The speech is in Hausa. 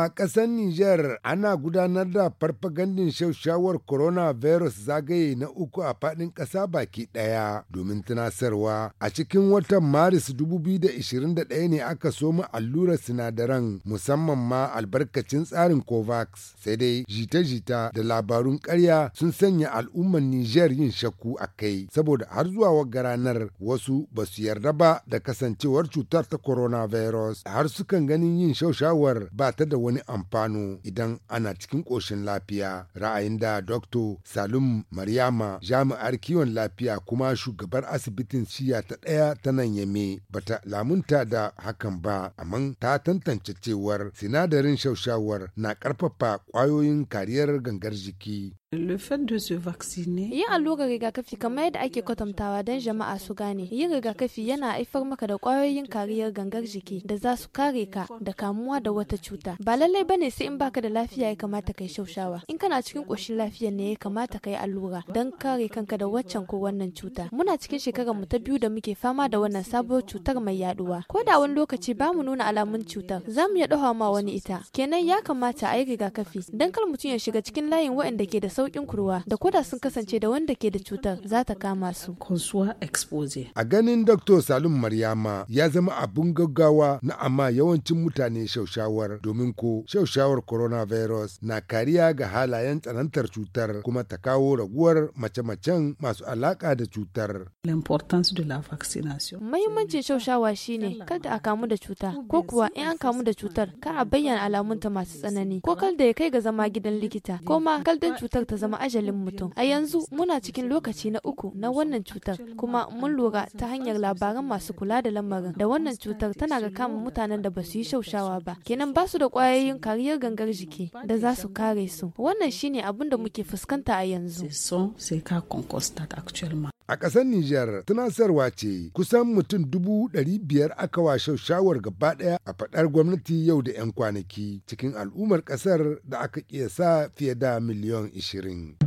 A ƙasar Nijar ana gudanar da farfagandin shaushawar coronavirus zagaye na uku a faɗin ƙasa baki ɗaya domin tunasarwa. A cikin watan Maris 2021 ne aka so mu allurar sinadaran musamman ma albarkacin tsarin COVAX. Sai dai jita-jita da labarun karya sun sanya al'ummar Nijar yin shakku a kai saboda har zuwa ranar wasu ba su yarda ba da kasancewar cutar ta coronavirus har sukan ganin yin shaushawar ba ta da wani amfano idan ana cikin ƙoshin lafiya ra'ayin da Dr. Salum Maryama jami'ar kiwon lafiya kuma shugabar asibitin shiya ta ɗaya ta nan yame bata lamunta da hakan ba amma ta tantance cewar sinadarin shaushawar na ƙarfafa ƙwayoyin kariyar gangar jiki Yin allurar rigakafi kamar yadda ake kwatantawa don jama'a su gane, yin rigakafi yana haifar maka da ƙwayoyin kariyar gangar jiki da za su kare ka da kamuwa da wata cuta. Ba lallai ba ne sai in baka da lafiya ya kamata kai shaushawa. In kana cikin ƙoshin lafiya ne ya kamata ka yi allura don kare kanka da waccan ko wannan cuta. Muna cikin shekarar mu ta biyu da muke fama da wannan sabuwar cutar mai yaduwa. Ko da wani lokaci ba mu nuna alamun cutar, za mu iya ɗaha ma wani ita. Kenan ya kamata a yi rigakafi don kar mutum ya shiga cikin layin waɗanda ke da sauƙin kurwa da koda sun kasance da wanda ke da cutar za ta kama su. A ganin Dr. Salim Maryama ya zama abin gaggawa na amma yawancin mutane shaushawar domin ko shaushawar coronavirus na kariya ga halayen tsanantar cutar kuma ta kawo raguwar mace-macen masu alaƙa da cutar. Mahimmancin shaushawa shine kada a kamu da cuta ko kuwa in an kamu da cutar ka a bayyana alamunta masu tsanani ko kal da ya kai ga zama gidan likita ko ma kaldan cutar ta zama ajalin mutum. A yanzu muna cikin lokaci na uku na wannan cutar kuma mun lura ta hanyar labaran masu kula da lamarin da wannan cutar tana ga kama mutanen da basu yi shaushawa ba kenan basu da kwayoyin kariyar gangar jiki da za su kare su. Wannan shine abin da muke fuskanta a yanzu. A ƙasar Nijar tunasarwa ce kusan mutum dubu ɗari biyar aka wa shawar gaba ɗaya a faɗar gwamnati yau da 'yan kwanaki cikin al'ummar ƙasar da aka ƙiyasa fiye da miliyan 20.